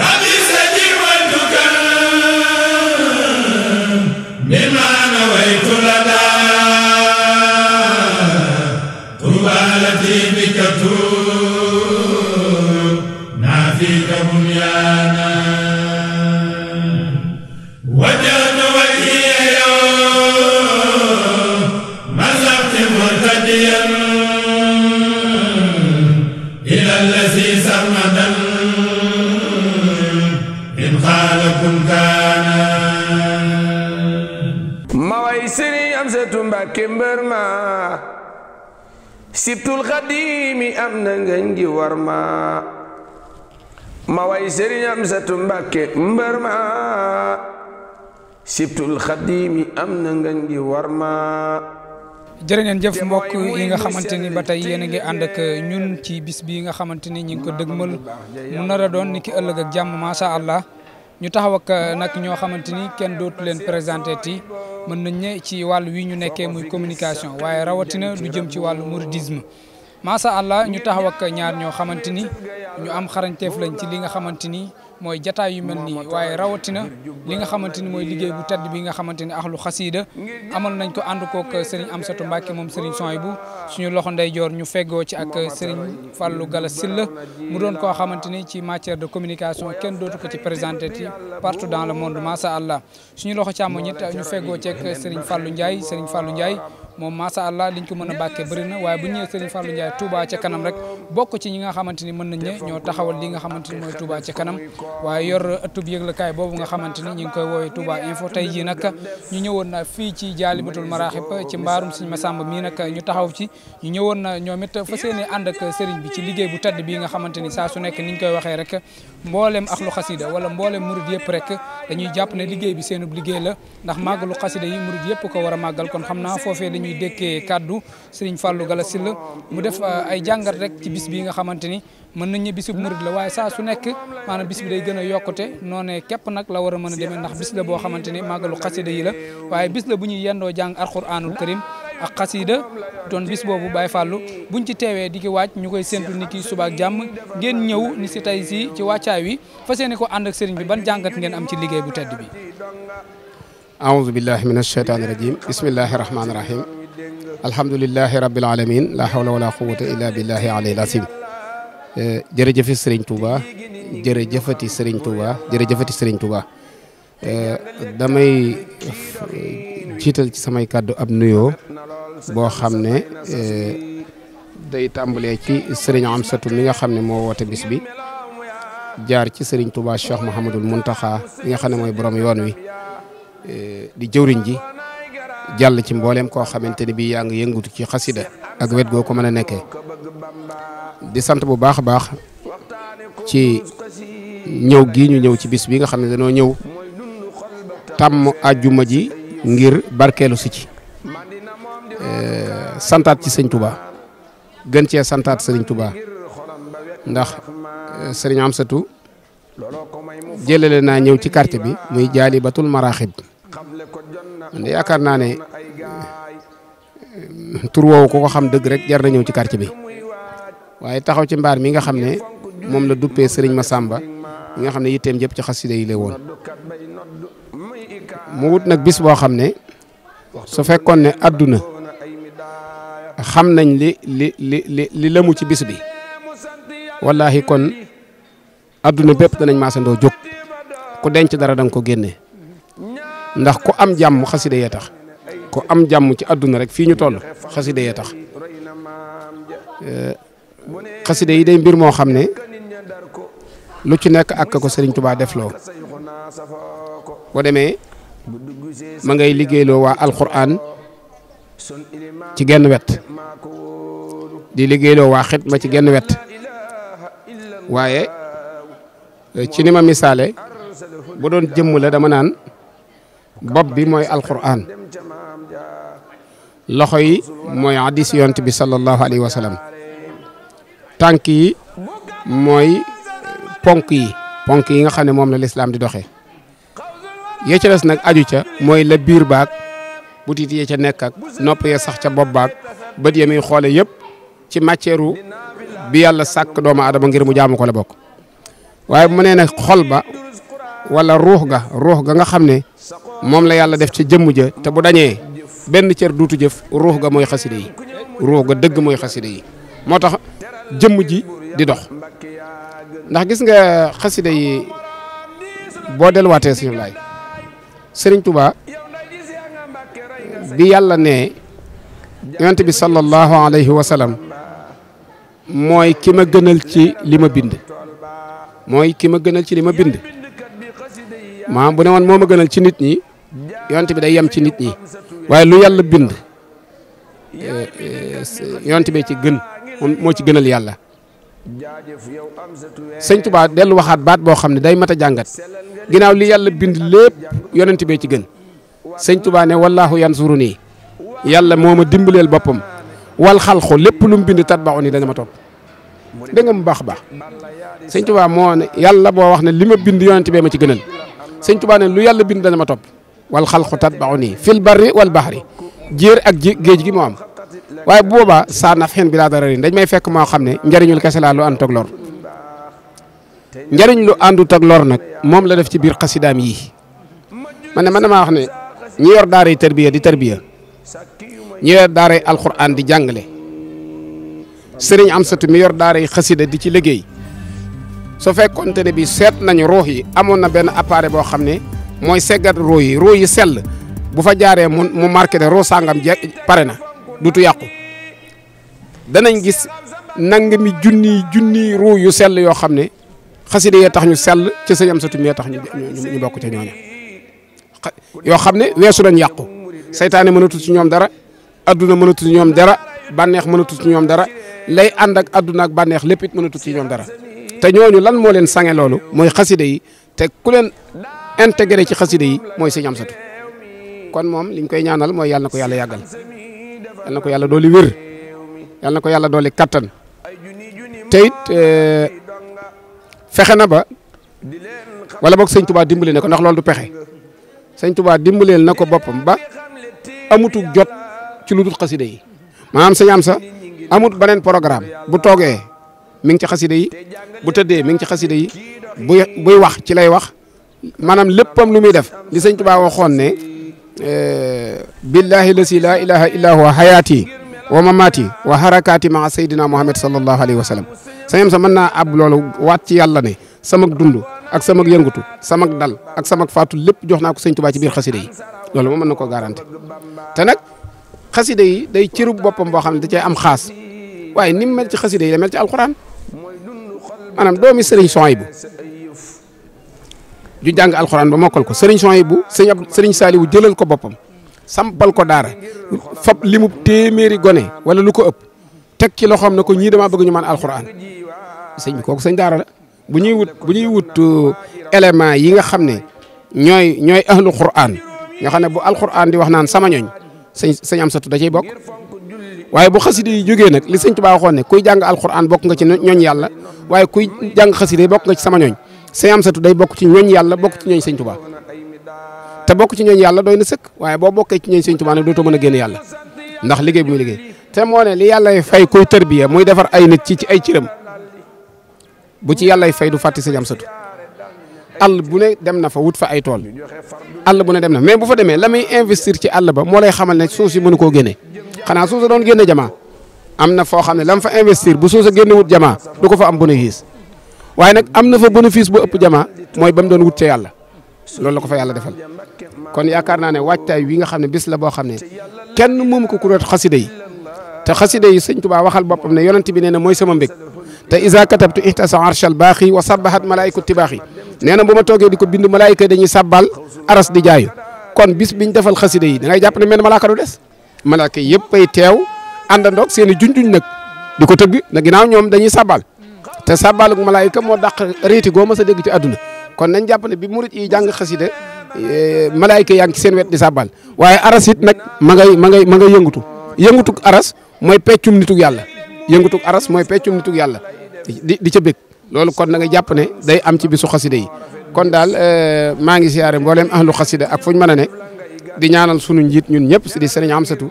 Amen. dunkaana am tumba kémbër ma sibtul xadimi am na ngeen gi am tumba kémbër sibtul xadimi am na ngeen gi ma jëf mbokk yi nga xamante ni ba tey yéen a ngi ànd ak ñun ci bis bi nga xamante ni ngi ko dëgmal mu nar doon ni ki ëllëg ak jàmm macha allah ñu taxaw ak euh, nag ñoo xamante ni kenn dootu leen présenté ti mën nañ ne ci wàllu wi ñu nekkee muy communication waaye rawatina lu jëm ci wàllu mouridisme macha allah ñu taxaw ak ñaar ñoo xamante ni ñu am xarañteef lañ ci li nga xamante ni mooy jataa yu mel nii waaye rawatina li nga xamante ni mooy liggéey bu tedd bi nga xamante ni axlu xasiida amal nañ ko ànd kook sëriñ Amsatu Mbàkke moom sëriñ Sohaybu suñu loxo ndeyjoor ñu feggoo ci ak sëriñ fallu Gala Silla mu doon koo xamante ni ci matière de communication kenn dootu ko ci présenté ci partout dans le monde macha allah suñu loxo càmmoñ it ñu feggoo ci ak sëriñ Fallou Ndiaye sëriñ Fallou Ndiaye moom macha allah liñ ko mën a bàkkee bëri na waaye bu ñëwee Serigne Fallou Ndiaye Touba ca rek bokk ci ñi nga xamante ni mën nañ ne ñoo taxawal li nga xamante ni mooy Touba ca kanam waaye yor ëttub yëglekaay boobu nga xamante ni ñu ngi koy woowee Touba info jii nag ñu ñëwoon na fii ci jaalibatul maraaxib ci mbaarum Serigne Massamba mii nag ñu taxaw ci ñu na ñoom it fa seeni ànd ak Serigne bi ci liggéey bu tedd bii nga xamante ni saa su nekk niñ koy waxee rek mboolem axlu xasida wala mboolem murid yëpp rek dañuy jàpp ne liggéey bi seenub liggéey la ndax lu xasida yi murid yëpp ko war a màggal kon xam naa foofee la ñuy dékkee kàddu Sëriñ Fallou Gala Sylla mu def uh, ay jàngat rek ci bis bi nga xamante ni mën nañ ne bisub murid la waaye saa su nekk maanaam bis bi day gën a yokkute noo ne nag la war a mën a demee ndax bis la boo xamante ni màggalu xasida yi la waaye bis la bu ñuy yendoo jàng alxuraanul karim ak xasiida doon bis boobu Baye Fallou buñ ci teewee di ki waaj ñu koy séntu ni ki jàmm ngeen ñëw ni si tey si ci wàccaay wi fas yéene ko ànd sëriñ bi ban jàngat ngeen am ci liggéey bu tedd bi aouzu billahi min asheytaani rajim bismillahi rahmaani rahim alhamdulilahi rabbil alamin la hawla wala quwata illa billahi alil asim eh, jërëjëfi sëriñ Touba jërëjëfati sëriñ Touba jërëjëfati sëriñ Touba eh, damay jiital ci samay kàddu ab nuyoo boo xam ne eh, day tàmbalee ci sëriñ Amsatu mi nga xam ne moo woote bis bi jaar ci sëriñ Touba Cheikh Mouhamadul Mountakha mi nga xam ne mooy borom yoon wi eh, di jëwriñ ji jàll ci mbooleem koo xamante ne bii yaa ngi yëngutu ci xasida ak wet goo ko mën a nekkee di sant bu baax a baax ci ñëw gii ñu ñëw ci bis bi nga xam ne dañoo ñëw tàmm àjjuma ji ngir barkeelu si ci eh, santaat ci sëñ Touba gën cee santaat sëriñ tuba ndax eh, sëriñ Amsatu jëlale naa ñëw ci quartier bi muy jaalibatul maraaxib man yaakaar naa ne eh, tur woowu ku ko xam dëgg rek jar na ñëw ci quartier bi waaye taxaw ci mbaar mi nga xam ne moom la duppee sëriñ Masamba mi nga xam ne yitteem jëpp ci xasida yi la woon mu wut nag bis boo xam ne su fekkoon ne àdduna xam nañ li li li li ci bis bi wallaahi kon adduna bépp danañ maasandoo jóg ku denc dara danga ko génne ndax ku am jàmm xasida yee tax ku am jàmm ci àdduna rek fii ñu toll xasida yee tax eh, xasida yi day mbir moo xam ne lu ci nekk ak ko Serigne Touba defloo boo demee ma ngay liggéeyloo waa alxuraan ci genn wet di liggéeyloo waa ma ci genn wet waaye eh, ci ni ma misaale bu doon jëmm la dama naan bopp bi mooy alxuraan loxo yi mooy hadis yonent bi sallallahu alayhi wa sallam yi mooy ponk yi ponk yi nga xam ne moom la lislaam di doxee ya ca des nag aju ca mooy la biir baag butit ya ca nekk ak nopp ya sax ca bopp baag bët ya muy yëpp ci matière bi yàlla sàkk doomu aadama ngir mu jaamu ko la bokk waaye mu nee nag xol ba wala ruux ga ruux ga nga xam ne moom la yàlla def ca jëmm ja te bu dañee benn cër duutu jëf ruux ga mooy xaside yi ruux ga dëgg mooy xaside yi moo tax jëmm ji di dox ndax gis nga xaside yi boo delluwaatee suñu laay sëriñ Touba bi yàlla ne yonent bi sallallahu alayhi wa mooy ki ma gënal ci li ma bind mooy ki ma gënal ci li ma bind maam bu ne woon moo ma gënal ci nit ñi yonent bi day yem ci nit ñi waaye lu yàlla bind eh, eh, yonent bi ci gën moo ci gënal yàlla sëñ Tuubaa dellu waxaat baat boo xam ne day mat a jàngat ginnaaw li yàlla bind lépp yonent bee ci gën sëñ Tuubaa ne wallaahu yansuru nii yàlla moo ma dimbaleel boppam wal xalxu lépp lu mu bind tatba'u nii dana ma topp dégg nga mu baax baax sëñ Tuubaa moo ne yàlla boo wax ne li ma bind yonent bee ma ci gënal sëñ Tuubaa ne lu yàlla bind dana ma topp wal xalxu tatba'u nii fil barri wal bahri jéer ak géej gi moo am waaye booba saa naf xen bi laa dara rin dañ may fekk moo xam ne njariñul kese laa lu ànd ak lor njariñ lu àndut ak lor nag moom la def ci biir xasidaam yii man ne man damaa wax ne ñi yor daaray tarbiya di tarbiya ñi yor daaray alxuraan di jàngale sëriñ Amsatu mi yor daaray xasida di ci liggéey su fekkonte ne bi seet nañu ruux yi amoon na benn appareil boo xam ne mooy seggat ruux yi ruux yi sell bu fa jaaree mu mu marqué ne ruux sàngam je pare na dutu yàqu danañ gis nangami junni junni ruu yu sell yoo xam ne xasida yee tax ñu sell ci sëñ Amsatu tax ñu ñu bokk ca ñooña yoo xam ne weesu nañ yàqu saytaane mënatul si ñoom dara adduna mënatul ci ñoom dara bànneex mënatul ci ñoom dara lay ànd ak adduna ak bànneex lépp it mënatul si ñoom dara te ñooñu lan moo leen sange loolu mooy xasida yi te ku leen intégré ci xasida yi mooy sëñ kon moom liñ koy ñaanal mooy yàlla na ko yàlla yàggal yal na ko yàlla dooli wér yal na ko yàlla dooli kattan te it eh, fexe na ba wala boog sëñ Touba dimbali na ko ndax loolu du pexe sëñ Touba dimbaleel na ko boppam ba amutu jot ci lu dul xasida yi maanaam sëñ am sa amut beneen programme bu toogee mi ngi ci xasida yi bu tëddee mi ngi ci xasida yi buy buy wax ci lay wax maanaam léppam lu muy def li sëñ Touba waxoon ne. billahi lasi la ilaha illa huwa hayaati wa mamaati wa harakaati maa sayyidina muhammad sallallahu alayhi wa sallam sañam sa mën naa ab loolu waat ci yàlla ne samak dund ak samak yëngutu samak dal ak samak faatu lépp jox naa ko sëñ Tuubaa ci biir xasida yi loolu moom mën na koo garanti te nag xasida yi day cërub boppam boo xam ne da cay am xaas waaye ni mu mel ci xasida yi da mel ci alxuraan maanaam doomi sëriñ Suhaybu ju jàng alxuraan ba mokkal ko sëriñ bu sëriñ ab sëriñ Saliou jëlal ko boppam sampal ko daara fab limu téeméeri gone wala lu ko ëpp teg ci loxoom na ko ñii damaa bëgg ñu man alxuraan sëñ bi kooku sëñ daara la bu ñuy wut bu ñuy wut euh, élément yi nga xam ne ñooy ñooy ahlu quraan nga xam ne bu alxuraan di wax naan sama ñooñ sëñ sëñ am satu da cey bokk waaye bu xaside yi jógee nag li sëñ Tuubaa waxoon ne kuy jàng alxuraan bokk nga ci ñooñ yàlla waaye kuy jàng xaside yi bokk nga ci sama ñooñ sëñ Amsatu day bokk ci ñooñ yàlla bokk ci ñooñ sëñ Tuubaa te bokk ci ñooñ yàlla doy na sëkk waaye boo bokkee ci ñooñ sëñ Tuubaa nag dootoo mën a génn yàlla ndax liggéey bu muy liggéey te moo ne li yàllay fay kuy tërbiya muy defar ay nit ci ci ay cëram bu ci yàllay fay du fàtti sëñ Amsatu àll bu ne dem na fa wut fa ay tool àll bu ne dem na mais bu fa demee la muy investir ci àll ba moo lay xamal ne suuf si mënu koo génne xanaa suuf sa doon génne jamaa am na foo xam ne la fa investir bu suuf sa génne wut jamaa du ko fa am bénéfice waye nak amna fa bénéfice bu ëpp jamaa moy bam doon wut ca yàlla loolu la ko fa yàlla defal kon yaakaar naa ne waajtaay wi nga xam ne bis la boo xam ne kenn moom ko kuréet xasida yi te xasida yi sëñ Tuubaa waxal boppam ne yonent bi nee na mooy sama mbég te isa katabtu ihtasa arshal baaxi wa sabahat malaayku tibaaxi nee na bu ma toogee di ko bind malaayka dañuy sabbal aras di jaayu kon bis biñ defal xasida yi da ngay jàpp ne men malaaka du des malaaka yëpp ay teew àndandoog seen i junjuñ nag di ko tëgg na ginaaw ñoom dañuy sabbal te sàbbaalug malaayika moo dàq réeti goo ma sa dégg ci àdduna kon nañ jàpp ne bi murit yi jàng xasida eh, malaayika yaa ngi ci seen wet di sàbbaal waaye arasit it nag ma ngay ma ngay ma ngay yëngatu yëngatug aras mooy peccum nitug yàlla yëngatug aras mooy peccum nitug yàlla di di ca bég loolu kon na nga jàpp ne day am ci bisu xasida yi kon daal eh, maa ngi siyaare mboolem ahlu xasida ak fuñ mën a ne di ñaanal sunu njiit ñun ñëpp di sëriñ Amsatu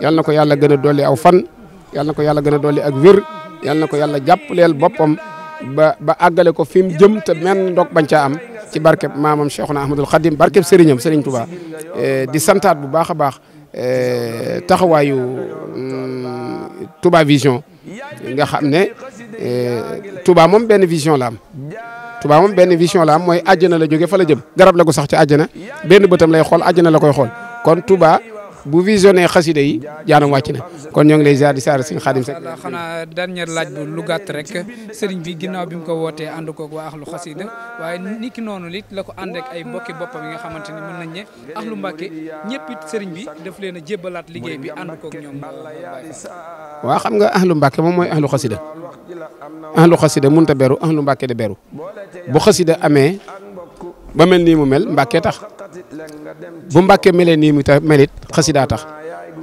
yal na ko yàlla gën a dolli aw fan yal na ko yàlla gën a dolli ak wér yal na ko yàlla jàppaleel boppam ba ba àggale ko fi mu jëm te men ndog bañ caa am ci barkeb maamam Cheikhuna Ahmadul Khadim barkeb sëriñam sëriñ Touba eh, di santaat bu baax a baax eh, taxawaayu mm, Touba Vision nga xam ne eh, Touba moom benn vision la am Touba moom benn vision laam mooy àjjana la jóge fa la jëm garab la gu sax ci àjjana benn bëtam lay xool àjjana la koy xool kon Touba bu visionné xasida yi jaanam wàcc na kon ñoo ngi lay ziar di saar sëñ Xaadim Seck xanaa dernière laaj bu lu gàtt rek sëriñ bi ginnaaw bi mu ko wootee ànd koog waa axlu xasida waaye niki noonu lit la ko ànd ak ay mbokki boppam yi nga xamante ni mën nañ ne axlu Mbàkke ñëpp sëriñ bi daf leen a jébbalaat liggéey bi ànd koog ñoom waaw xam nga axlu Mbàkke moom mooy axlu xasida axlu xasida mënut a beru axlu Mbàkke de beru bu xasida amee ba mel nii mu mel Mbàkke tax bu Mbàkke melee nii mu tax melit xasidaa tax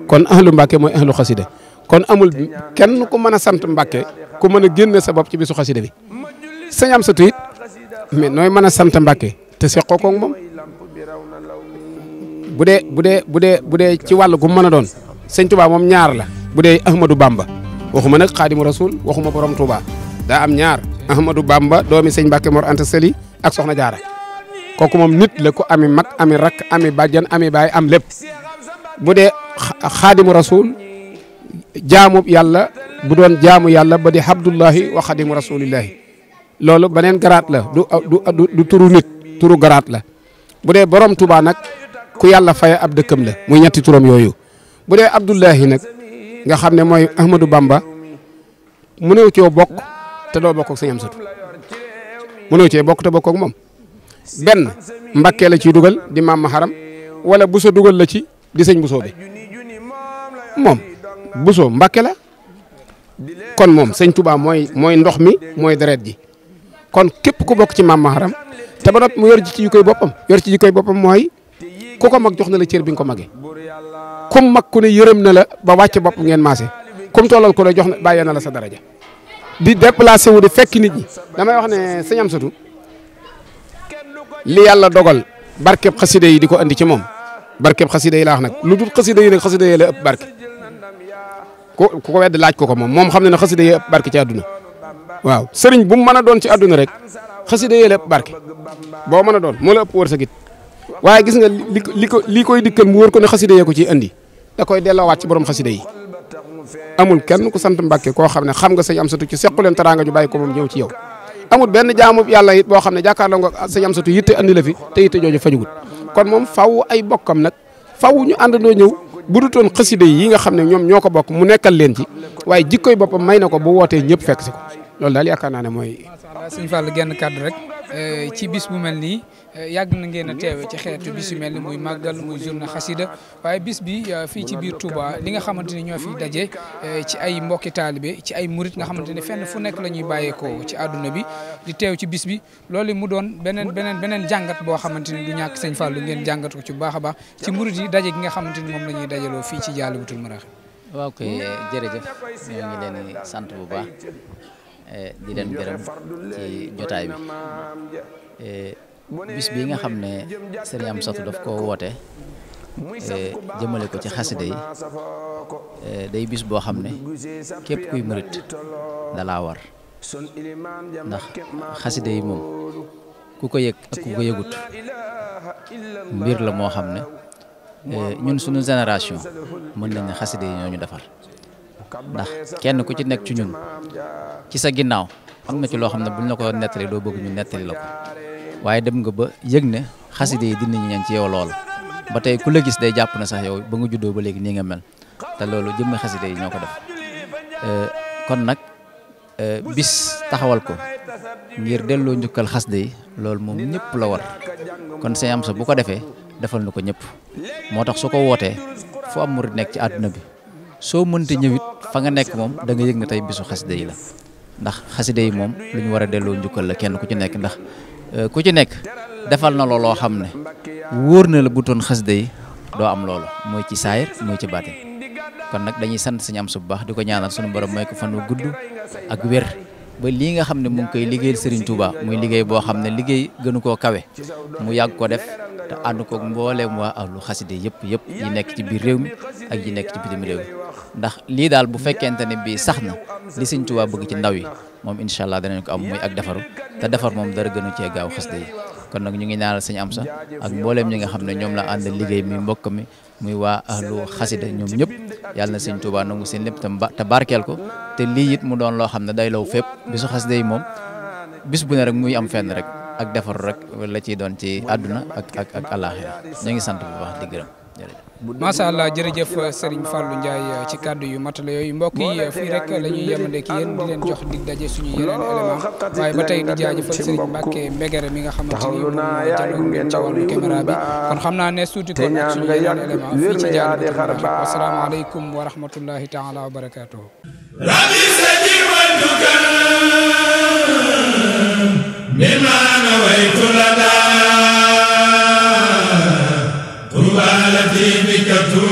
kon ahlu Mbàkke mooy ahlu xasida kon amul kenn ku man a sant Mbàkke ku mën a génne sa bopp ci bisu xasida bi sëñ sa tuyit mais nooy man a sant Mbàkke te seqoo koog moom bu dee bu dee bu dee bu dee ci wàll gu mën a doon sëñ Touba moom ñaar la bu dee Ahmadou Bamba waxuma nag xaadimu rasul waxuma borom Touba daa am ñaar Ahmadou Bamba doomi sëñ Mbàkke Mor Anta Sali ak Soxna Jaara kooku moom nit la ku ami mag ami rakk ami bajjan ami baay am lépp bu dee xaadimu rasul jaamu yàlla bu doon jaamu yàlla ba di abdullahi wa xaadimu rasulillahi loolu beneen garaat la du du turu nit turu garaat la bu dee borom tubaa nag ku yàlla faye ab dëkkam la muy ñetti turam yooyu bu dee abdullahi nag nga xam ne mooy ahmadou bamba mu néew coo bokk te doo bokk ak sëñ am satu mu néew bokk te bokk moom benn mbakkee la ciy dugal di maam ma xaram wala buso dugal la ci di sëñ busoo bi moom busoo mbakke la kon moom sëñ tubaa mooy mooy ndox mi mooy deret ji kon képp ku bokk ci maam ma xaram te ba noppi mu yor ji ci jikkoy boppam yor ci jikkoy boppam mooy ku ko mag jox na la cër bi nga ko magee kum mag ku ne yërëm na la ba wàcce bopp ngeen maase kum tollal ku ne jox na bàyyee na la sa daraja di déplacé wu di fekk nit ñi damay wax ne sëñ Amsatu li yàlla dogal barkeb xasida yi di ko andi ci moom barkeb xasida yi laa wax nag lu dul xasida yi nag xasida yi la ëpp barke ku ko wedd laaj ko ko moom moom xam ne ne xasida yi ëpp barke ci àdduna waaw sëriñ bu mu mën a doon ci àdduna rek xasida yi la ëpp barke boo mën a doon moo la ëpp wër sa git waaye gis nga li li ko lii koy dikkal mu wër ko ne xasida yee ko ci indi da koy delloowaat ci borom xasida yi amul kenn ku sant Mbàkke koo xam ne xam nga sëñ am satu ci sequ leen teraanga ju bàyyi ko moom ñëw ci yow amul benn jaamu yàlla it boo xam ne jàkkaarloo nga sëñ Amsatu yitte andi la fi te yitte jooju fajugut kon moom faw ay bokkam nag faw ñu noo ñëw bu dutoon xaside yi nga xam ne ñoom ñoo ko bokk mu nekkal leen ci waaye jikkoy boppam may na ko bu wootee ñëpp fekk si ko loolu daal yaakaar naa ne mooy. macha allah sëñ Fall genn kàddu rek eh, ci bis bu mel nii eh, yàgg na ngeen a teewe ci xeetu bis yu mel ni muy màggal muy journée xasida waaye bis bi eh, fii ci biir Touba li nga xamante ni ñoo fi daje ci ay mbokki taalibe ci ay murit nga xamante ne fenn fu nekk la ñuy bàyyeekoo ci àdduna bi di teew ci bis bi loolu mu doon beneen beneen beneen jàngat boo xamante ni du ñàkk sëñ Fall ngeen jàngat ko ci bu baax a baax ci murit yi daje gi nga xamante ni moom la ñuy dajaloo fii ci Jaalibatul Maraaxib. waaw kay jërëjëf ñu sant bu baax Eh, di leen gërëm ci jotaay bi eh, bis bii nga xam ne Serigne Amsatou daf koo woote eh, jëmale ko ci xasida yi day bis boo xam ne képp kuy murit dalaa war ndax xasida yi moom ku ko yëg ak ku ko yëgut mbir la moo xam ne ñun sunu génération mën nañ ne xasida yi ñoo ñu defar ndax kenn ku ci nekk ci ñun ci sa ginnaaw am na ci loo xam ne buñ la ko nettali doo bëgg ñu nettali la ko waaye dem nga ba yëg ne xaside yi dinañu ñaan ci yow lool ba tey ku la gis day jàpp na sax yow ba nga juddoo ba léegi nii nga mel te loolu xaside yi ñoo ko def euh, kon nag euh, bis taxawal ko ngir delloo njukkal xaside yi loolu moom ñëpp la war kon am sa bu ko defee defal na ko ñëpp moo tax su ko wootee fu am murid nekk ci àdduna bi soo ñëwit fa nga nek mom da nga yegg ne tay bisu xasida yi la ndax xasida yi mom lu ñu war a la kenn ku ci nek ndax euh, ku ci nek defal na lo lo ne wóor na la buton toon yi do am lolo moy ci saayir moy ci baatin kon nak dañuy sant señ am su bu ñaanal suñu borom moy ko fanu guddu ak wer ba li nga xamne mu ngi koy liggéeyal Serigne Touba muy liggéey bo xamne gënu ko kawé mu yag ko def te ànd koog mbooleem waa ahlu khasside yépp yépp yi nekk ci biir réew mi ak yi nekk ci bitim réew ndax lii daal bu fekkente ne bii sax na li Sëñ Tuubaa bëgg ci ndaw yi moom incha allah danañ ko am muy ak defaru te defar moom dara gënu cee gaaw xasida yi kon nag ñu ngi ñaanal Sëñ sax ak mbooleem ñi nga xam ne ñoom la ànd liggéey mi mbokk mi muy waa ahlu xasida ñoom ñëpp yàlla na Sëñ Tuubaa nangu seen lépp te barkeel ko te lii it mu doon loo xam ne day law fépp bisu xasida yi moom bis bu ne rek muy am fenn rek ak defaru rek la ci doon ci àdduna ak ak ak àllaaxira sant bu macha allah jërëjëf Serigne Fallou Ndiaye ci kàddu yu matala yooyu mbokk yi fii rek la ñuy yemande di leen jox dig daje suñu yeneen élément waaye ba tey di jaajëfal Serigne Mbacke Mbegere mi nga xamante ni moom la bi kon xam naa ne suuti kon ak suñu yeneen élément fii ci Diallo wasalaamaaleykum wa rahmatullahi taala wa barakaatuhu من أنا ذلك